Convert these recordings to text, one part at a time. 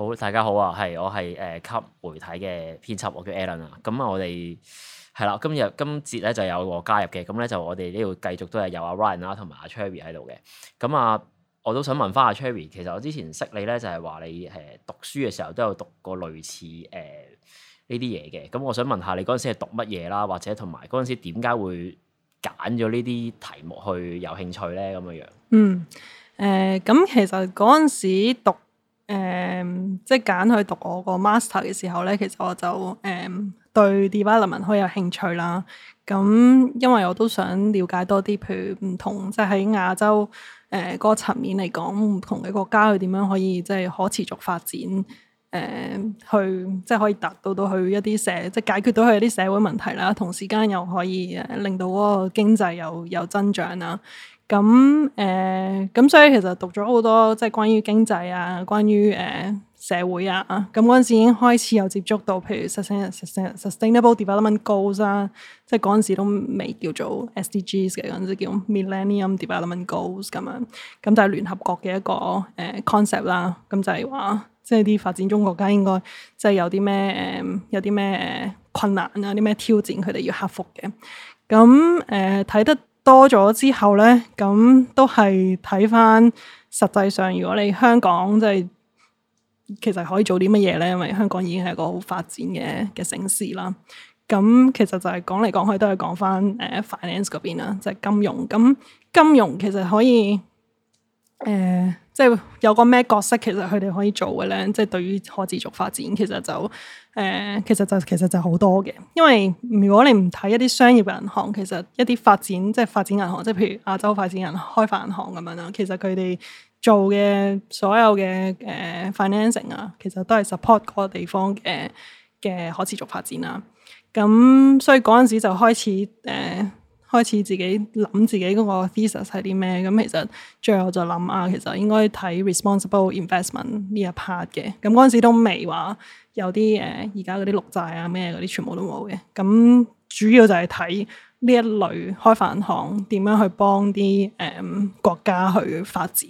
好，大家好啊！係我係誒，吸、呃、媒體嘅編輯，我叫 Alan 啊。咁啊，我哋係啦，今日今節咧就有我加入嘅。咁、嗯、咧就我哋呢度繼續都係有阿、啊、Ryan 啦、啊，同埋阿 Cherry 喺度嘅。咁啊，我都想問翻阿 Cherry、啊。其實我之前識你咧，就係、是、話你誒讀書嘅時候都有讀過類似誒呢啲嘢嘅。咁我想問下你嗰陣時係讀乜嘢啦？或者同埋嗰陣時點解會揀咗呢啲題目去有興趣咧？咁嘅樣。嗯，誒、呃，咁其實嗰陣時讀誒。呃嗯，即係揀去讀我個 master 嘅時候咧，其實我就誒、嗯、對 development 好有興趣啦。咁、嗯、因為我都想了解多啲，譬如唔同即係喺亞洲誒嗰、呃那個層面嚟講，唔同嘅國家佢點樣可以即係可持續發展？誒、嗯，去即係可以達到到去一啲社，即係解決到佢一啲社會問題啦。同時間又可以令到嗰個經濟又有，有增長啦。咁誒，咁、呃、所以其實讀咗好多即係、就是、關於經濟啊，關於誒、呃、社會啊，咁嗰陣時已經開始有接觸到，譬如 Sustainable Development Goals 啦、啊，即係嗰陣時都未叫做 SDGs 嘅嗰陣、就、時、是、叫 Millennium Development Goals 咁樣，咁就係聯合國嘅一個誒、呃、concept 啦。咁就係、是、話，即係啲發展中國家應該即係有啲咩、呃，有啲咩困難啊，啲咩挑戰佢哋要克服嘅。咁誒睇得多咗之後咧，咁都係睇翻實際上，如果你香港即係其實可以做啲乜嘢咧，因為香港已經係一個好發展嘅嘅城市啦。咁其實就係講嚟講去都係講翻誒 finance 嗰邊啦，即係金融。咁金融其實可以。誒、呃，即係有個咩角色其實佢哋可以做嘅咧，即係對於可持續發展其實就誒、呃，其實就其實就好多嘅。因為如果你唔睇一啲商業銀行，其實一啲發展即係發展銀行，即係譬如亞洲發展銀行、開發銀行咁樣啦，其實佢哋做嘅所有嘅誒、呃、financing 啊，其實都係 support 嗰個地方嘅嘅、呃、可持續發展啦、啊。咁、嗯、所以嗰陣時就開始誒。呃開始自己諗自己嗰個 thesis 係啲咩，咁其實最後就諗啊，其實應該睇 responsible investment 呢一 part 嘅。咁嗰陣時都未話有啲誒，而家嗰啲綠債啊咩嗰啲全部都冇嘅。咁主要就係睇呢一類開發銀行點樣去幫啲誒、嗯、國家去發展。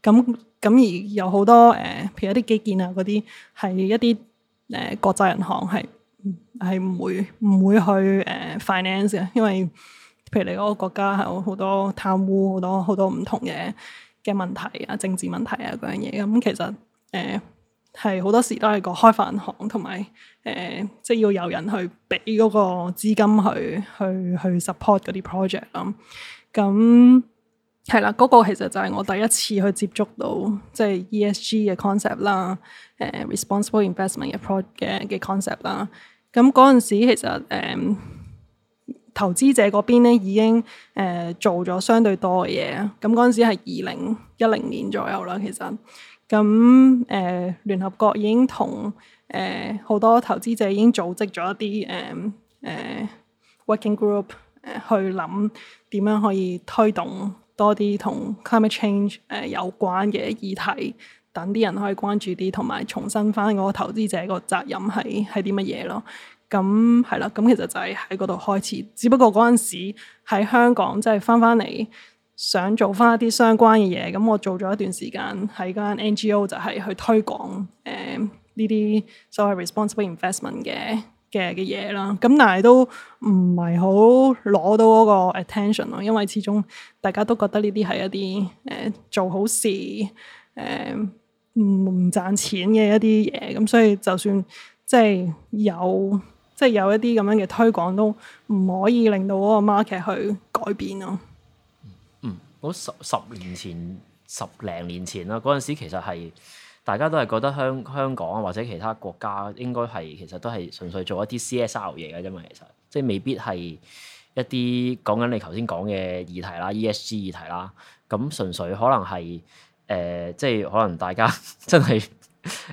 咁咁而有好多誒、呃、譬如一啲基建啊，嗰啲係一啲誒、呃、國際銀行係係唔會唔會去誒、呃、finance 嘅，因為譬如你嗰個國家係有好多貪污、好多好多唔同嘅嘅問題啊、政治問題啊嗰樣嘢咁，其實誒係好多時都係個開發銀行，同埋誒即係要有人去俾嗰個資金去去去 support 嗰啲 project 咁、啊。咁係啦，嗰、那個其實就係我第一次去接觸到即係 ESG 嘅 concept 啦，誒、就是啊、Responsible Investment 嘅 project 嘅嘅 concept 啦、啊。咁嗰陣時其實誒。嗯投資者嗰邊咧已經誒、呃、做咗相對多嘅嘢，咁嗰陣時係二零一零年左右啦，其實，咁、嗯、誒、呃、聯合國已經同誒好多投資者已經組織咗一啲誒、呃、working group、呃、去諗點樣可以推動多啲同 climate change 誒、呃、有關嘅議題，等啲人可以關注啲，同埋重申返嗰個投資者個責任係係啲乜嘢咯。咁係啦，咁、嗯嗯、其實就係喺嗰度開始。只不過嗰陣時喺香港，即係翻翻嚟想做翻一啲相關嘅嘢。咁、嗯、我做咗一段時間喺間 NGO，就係去推廣誒呢啲所謂 responsible investment 嘅嘅嘅嘢啦。咁但係都唔係好攞到嗰個 attention 咯，因為始終大家都覺得呢啲係一啲誒、呃、做好事誒唔、呃、賺錢嘅一啲嘢。咁、嗯、所以就算即係、就是、有。即係有一啲咁樣嘅推廣都唔可以令到嗰個 market 去改變咯、嗯。嗯，十十年前、十零年前啦，嗰陣時其實係大家都係覺得香香港或者其他國家應該係其實都係純粹做一啲 CSR 嘢嘅啫嘛。其實即係未必係一啲講緊你頭先講嘅議題啦、ESG 議題啦，咁純粹可能係誒、呃，即係可能大家真係。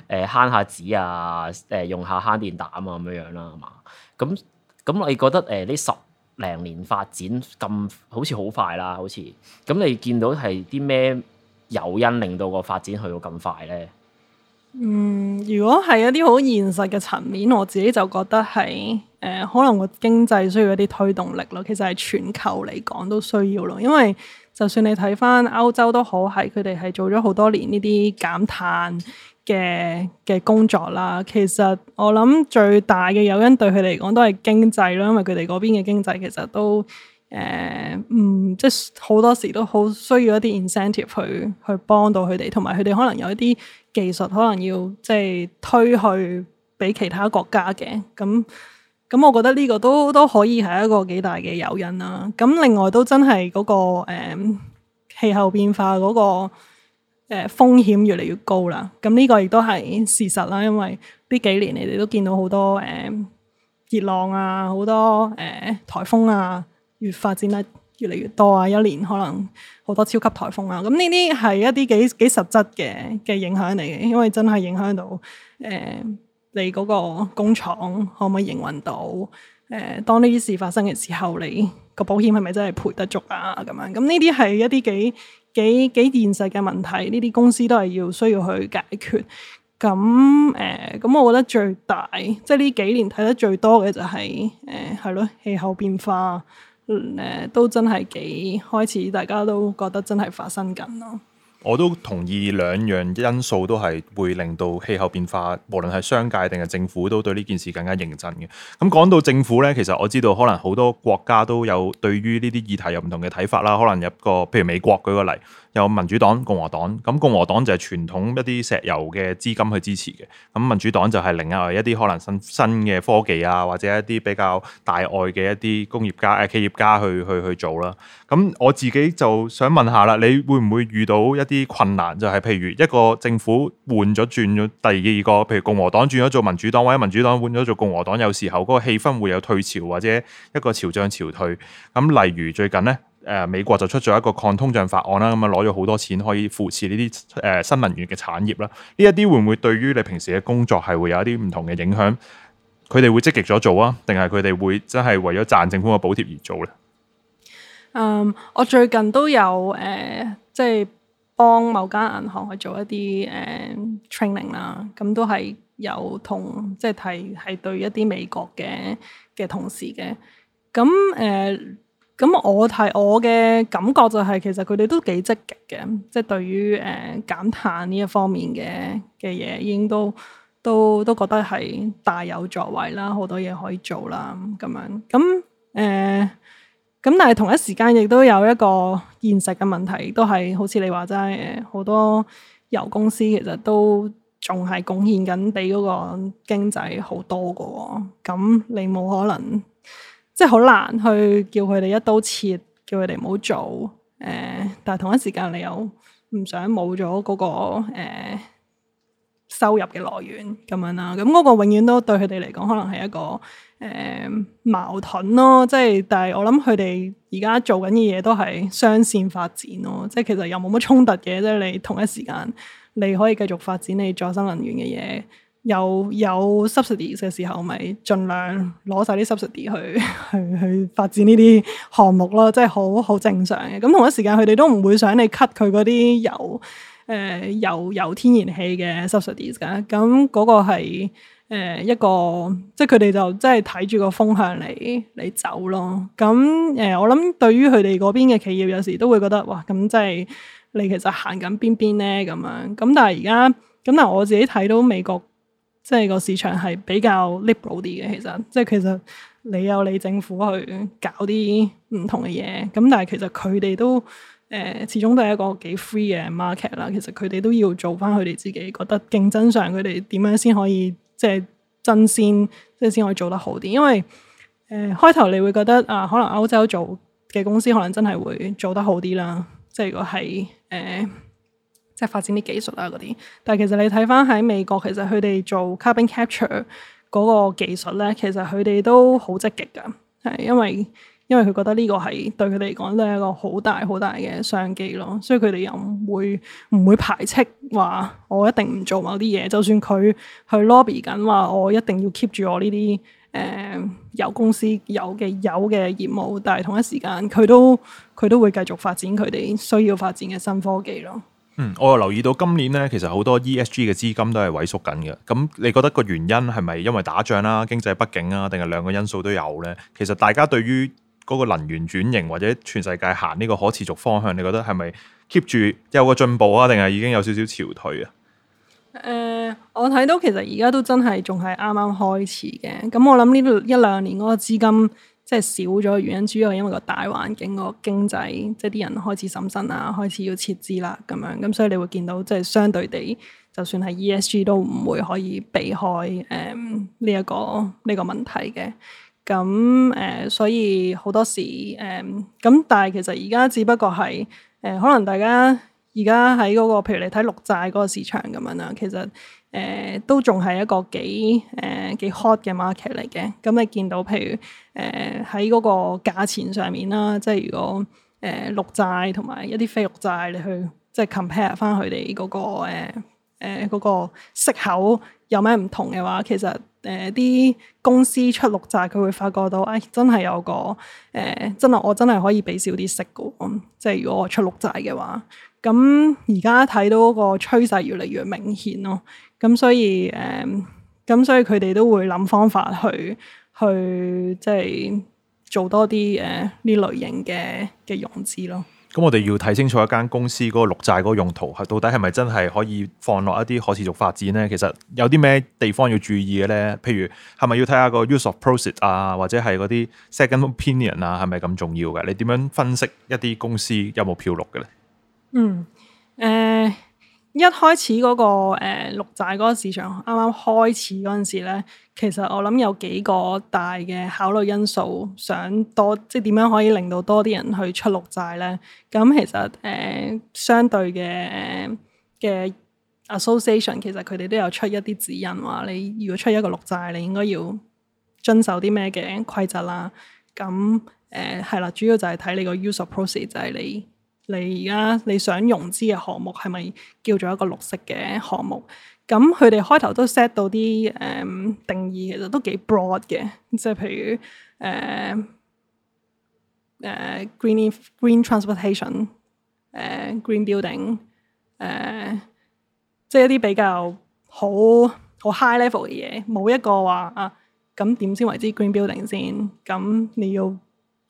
誒慳、呃、下紙啊，誒、呃、用下慳電膽啊，咁樣樣啦，係嘛？咁咁，你覺得誒呢、呃、十零年發展咁好似好快啦，好似咁你見到係啲咩誘因令到個發展去到咁快咧？嗯，如果係一啲好現實嘅層面，我自己就覺得係誒、呃，可能個經濟需要一啲推動力咯。其實係全球嚟講都需要咯，因為。就算你睇翻歐洲都好，係佢哋係做咗好多年呢啲減碳嘅嘅工作啦。其實我諗最大嘅誘因對佢嚟講都係經濟啦，因為佢哋嗰邊嘅經濟其實都誒、呃，嗯，即係好多時都好需要一啲 incentive 去去幫到佢哋，同埋佢哋可能有一啲技術可能要即係、就是、推去俾其他國家嘅咁。咁我覺得呢個都都可以係一個幾大嘅誘因啦。咁另外都真係嗰個誒氣候變化嗰個誒風險越嚟越高啦。咁呢個亦都係事實啦，因為呢幾年你哋都見到好多誒熱浪啊，好多誒台風啊，越發展得越嚟越多啊，一年可能好多超級台風啊。咁呢啲係一啲幾幾實質嘅嘅影響嚟嘅，因為真係影響到誒。你嗰個工廠可唔可以營運到？誒、呃，當呢啲事發生嘅時候，你個保險係咪真係賠得足啊？咁樣，咁呢啲係一啲幾幾幾現實嘅問題，呢啲公司都係要需要去解決。咁誒，咁、呃、我覺得最大即係呢幾年睇得最多嘅就係誒係咯，氣候變化，誒、嗯呃、都真係幾開始大家都覺得真係發生緊咯。我都同意兩樣因素都係會令到氣候變化，無論係商界定係政府都對呢件事更加認真嘅。咁講到政府呢，其實我知道可能好多國家都有對於呢啲議題有唔同嘅睇法啦。可能入個，譬如美國舉個例。有民主黨、共和黨，咁共和黨就係傳統一啲石油嘅資金去支持嘅，咁民主黨就係另外一啲可能新新嘅科技啊，或者一啲比較大愛嘅一啲工業家誒企業家去去去做啦。咁我自己就想問下啦，你會唔會遇到一啲困難？就係譬如一個政府換咗轉咗第二個，譬如共和黨轉咗做民主黨，或者民主黨換咗做共和黨，有時候嗰個氣氛會有退潮或者一個潮漲潮退。咁例如最近呢。誒、呃，美國就出咗一個抗通脹法案啦，咁啊攞咗好多錢可以扶持呢啲誒新能源嘅產業啦。呢一啲會唔會對於你平時嘅工作係會有一啲唔同嘅影響？佢哋會積極咗做啊，定係佢哋會真係為咗賺政府嘅補貼而做咧？嗯，我最近都有誒，即係幫某間銀行去做一啲誒 training 啦，咁、呃、都係有同即係睇係對一啲美國嘅嘅同事嘅，咁誒。呃咁我提我嘅感覺就係、是，其實佢哋都幾積極嘅，即係對於誒、呃、減碳呢一方面嘅嘅嘢，已經都都都覺得係大有作為啦，好多嘢可以做啦咁樣。咁誒咁，呃、但係同一時間亦都有一個現實嘅問題，都係好似你話齋，好多油公司其實都仲係貢獻緊俾嗰個經濟好多㗎喎。咁你冇可能，即係好難去叫佢哋一刀切，叫佢哋唔好做。誒，但係同一時間你又唔想冇咗嗰個誒收入嘅來源咁樣啦。咁嗰個永遠都對佢哋嚟講，可能係一個誒矛盾咯。即係，但係我諗佢哋而家做緊嘅嘢都係雙線發展咯。即係其實又冇乜衝突嘅，即係你同一時間你可以繼續發展你再生能源嘅嘢。有有 subsidies 嘅時候，咪盡量攞晒啲 subsidies 去去去發展呢啲項目咯，即係好好正常嘅。咁同一時間，佢哋都唔會想你 cut 佢嗰啲油誒油油天然氣嘅 subsidies 噶。咁、嗯、嗰、那個係、呃、一個，即係佢哋就即係睇住個風向嚟嚟走咯。咁、嗯、誒、呃，我諗對於佢哋嗰邊嘅企業，有時都會覺得哇，咁即係你其實行緊邊邊咧咁樣。咁但係而家咁，但我自己睇到美國。即係個市場係比較 liberal 啲嘅，其實即係其實你有你政府去搞啲唔同嘅嘢，咁但係其實佢哋都誒、呃、始終都係一個幾 free 嘅 market 啦。其實佢哋都要做翻佢哋自己覺得競爭上佢哋點樣先可以即係爭先，即係先可以做得好啲。因為誒開頭你會覺得啊，可能歐洲做嘅公司可能真係會做得好啲啦。即係如果係誒。呃即係發展啲技術啊嗰啲，但係其實你睇翻喺美國，其實佢哋做 carbon capture 嗰個技術咧，其實佢哋都好積極㗎，係因為因為佢覺得呢個係對佢哋嚟講都係一個好大好大嘅商機咯，所以佢哋又唔會唔會排斥話我一定唔做某啲嘢，就算佢去 lobby 緊話我一定要 keep 住我呢啲誒油公司有嘅有嘅業務，但係同一時間佢都佢都會繼續發展佢哋需要發展嘅新科技咯。嗯，我又留意到今年咧，其實好多 ESG 嘅資金都係萎縮緊嘅。咁你覺得個原因係咪因為打仗啦、啊、經濟不景啦、啊，定係兩個因素都有咧？其實大家對於嗰個能源轉型或者全世界行呢個可持續方向，你覺得係咪 keep 住有個進步啊，定係已經有少少潮退啊？誒、呃，我睇到其實而家都真係仲係啱啱開始嘅。咁我諗呢一兩年嗰個資金。即係少咗原因，主要係因為個大環境、個經濟，即係啲人開始審慎啊，開始要撤資啦，咁樣咁，所以你會見到即係相對地，就算係 ESG 都唔會可以避開誒呢一個呢、呢個問題嘅。咁誒、呃，所以好多時誒咁，嗯、但係其實而家只不過係誒、呃，可能大家。而家喺嗰個，譬如你睇綠債嗰個市場咁樣啦，其實誒、呃、都仲係一個幾誒幾 hot 嘅 market 嚟嘅。咁、呃嗯、你見到譬如誒喺嗰個價錢上面啦，即係如果誒綠債同埋一啲非綠債你去即係 compare 翻佢哋嗰個誒誒嗰個息口有咩唔同嘅話，其實誒啲、呃、公司出綠債佢會發覺到啊、哎，真係有個誒、呃、真係我真係可以俾少啲息嘅、嗯。即係如果我出綠債嘅話。咁而家睇到個趨勢越嚟越明顯咯，咁所以誒，咁、嗯、所以佢哋都會諗方法去去即係做多啲誒呢類型嘅嘅融資咯。咁我哋要睇清楚一間公司嗰個綠債個用途係到底係咪真係可以放落一啲可持續發展咧？其實有啲咩地方要注意嘅咧？譬如係咪要睇下個 use of process 啊，或者係嗰啲 second opinion 啊，係咪咁重要嘅？你點樣分析一啲公司有冇漂綠嘅咧？嗯，誒、呃，一開始嗰個誒綠債嗰個市場啱啱開始嗰陣時咧，其實我諗有幾個大嘅考慮因素，想多即係點樣可以令到多啲人去出綠債咧。咁其實誒、呃、相對嘅誒嘅、呃、association，其實佢哋都有出一啲指引，話你如果出一個綠債，你應該要遵守啲咩嘅規則啦。咁誒係啦，主要就係睇你個 user process，就係你。你而家你想融資嘅項目係咪叫做一個綠色嘅項目？咁佢哋開頭都 set 到啲誒、呃、定義，其實都幾 broad 嘅，即係譬如誒誒、呃、green green transportation，誒、呃、green building，誒、呃、即係一啲比較好好 high level 嘅嘢。冇一個話啊，咁點先為之 green building 先？咁你要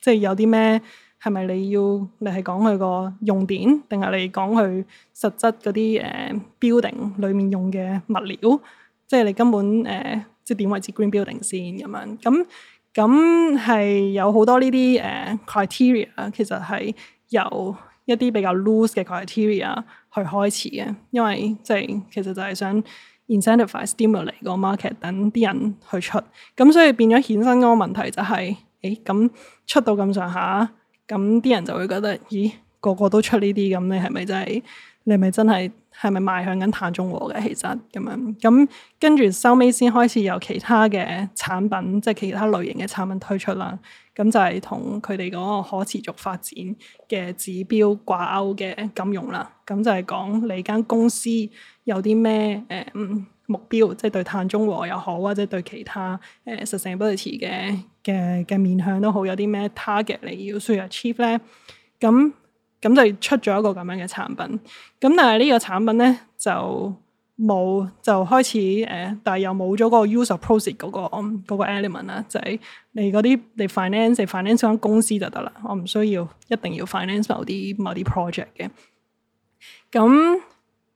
即係有啲咩？係咪你要？你係講佢個用電，定係你講佢實質嗰啲誒 building 裏面用嘅物料？即係你根本誒、呃，即係點為之 green building 先咁樣？咁咁係有好多呢啲誒 criteria，其實係由一啲比較 loose 嘅 criteria 去開始嘅，因為即係其實就係想 incentivize、stimulate 個 market，等啲人去出。咁所以變咗衍生嗰個問題就係、是，誒、欸、咁出到咁上下。咁啲人就會覺得，咦，個個都出呢啲咁，你係咪真係？你係咪真係？係咪邁向緊碳中和嘅其實咁樣？咁跟住收尾先開始有其他嘅產品，即係其他類型嘅產品推出啦。咁就係同佢哋嗰個可持續發展嘅指標掛鈎嘅金融啦。咁就係講你間公司有啲咩誒嗯。呃目標即係對碳中和又好，或者對其他誒 sustainability 嘅嘅嘅面向都好，有啲咩 target 你要需要 achieve 咧？咁咁就出咗一個咁樣嘅產品。咁但係呢個產品咧就冇就開始誒、呃，但係又冇咗嗰個 use of proceeds 嗰個 element 啊，就係、是、你嗰啲你 finance finance 間公司就得啦。我唔需要一定要 finance 某啲某啲 project 嘅。咁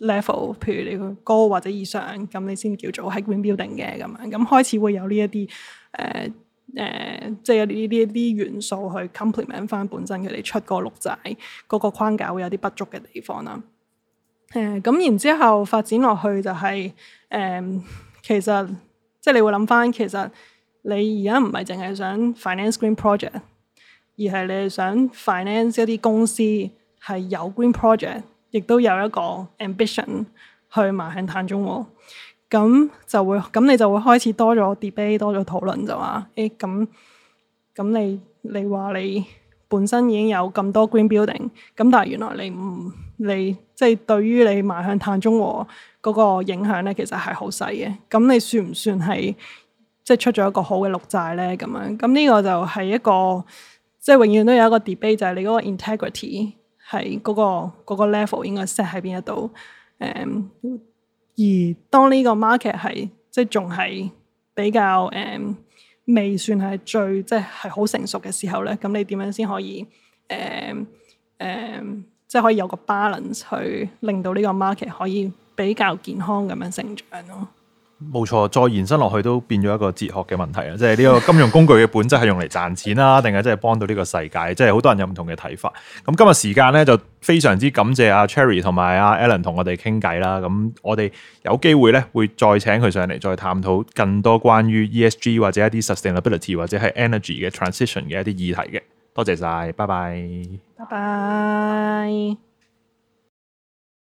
level，譬如你個高或者以上，咁你先叫做係 green building 嘅咁樣，咁開始會有呢一啲誒誒即係有呢啲啲元素去 complement 翻本身佢哋出個錄仔嗰、那個框架會有啲不足嘅地方啦。誒、呃，咁然之後發展落去就係、是、誒、呃、其實，即、就、係、是、你會諗翻，其實你而家唔係淨係想 finance green project，而係你係想 finance 一啲公司係有 green project。亦都有一個 ambition 去邁向碳中和，咁就會咁你就會開始多咗 debate，多咗討論就話，誒咁咁你你話你本身已經有咁多 green building，咁但係原來你唔你即係、就是、對於你邁向碳中和嗰個影響咧，其實係好細嘅。咁你算唔算係即係出咗一個好嘅綠債咧？咁樣咁呢個就係一個即係、就是、永遠都有一個 debate，就係你嗰個 integrity。係嗰、嗰個嗰個 level 應該 set 喺邊一度？誒、um，而當呢個 market 係即係仲係比較誒、um, 未算係最即係係好成熟嘅時候咧，咁你點樣先可以誒誒、um, um, 即係可以有個 balance 去令到呢個 market 可以比較健康咁樣成長咯？冇錯，再延伸落去都變咗一個哲學嘅問題啊！即係呢個金融工具嘅本質係用嚟賺錢啦，定係真係幫到呢個世界？即係好多人有唔同嘅睇法。咁今日時間咧就非常之感謝阿 Cherry 同埋阿 Alan 同我哋傾偈啦。咁我哋有機會咧會再請佢上嚟再探討更多關於 ESG 或者一啲 sustainability 或者係 energy 嘅 transition 嘅一啲議題嘅。多謝晒，拜拜，拜拜。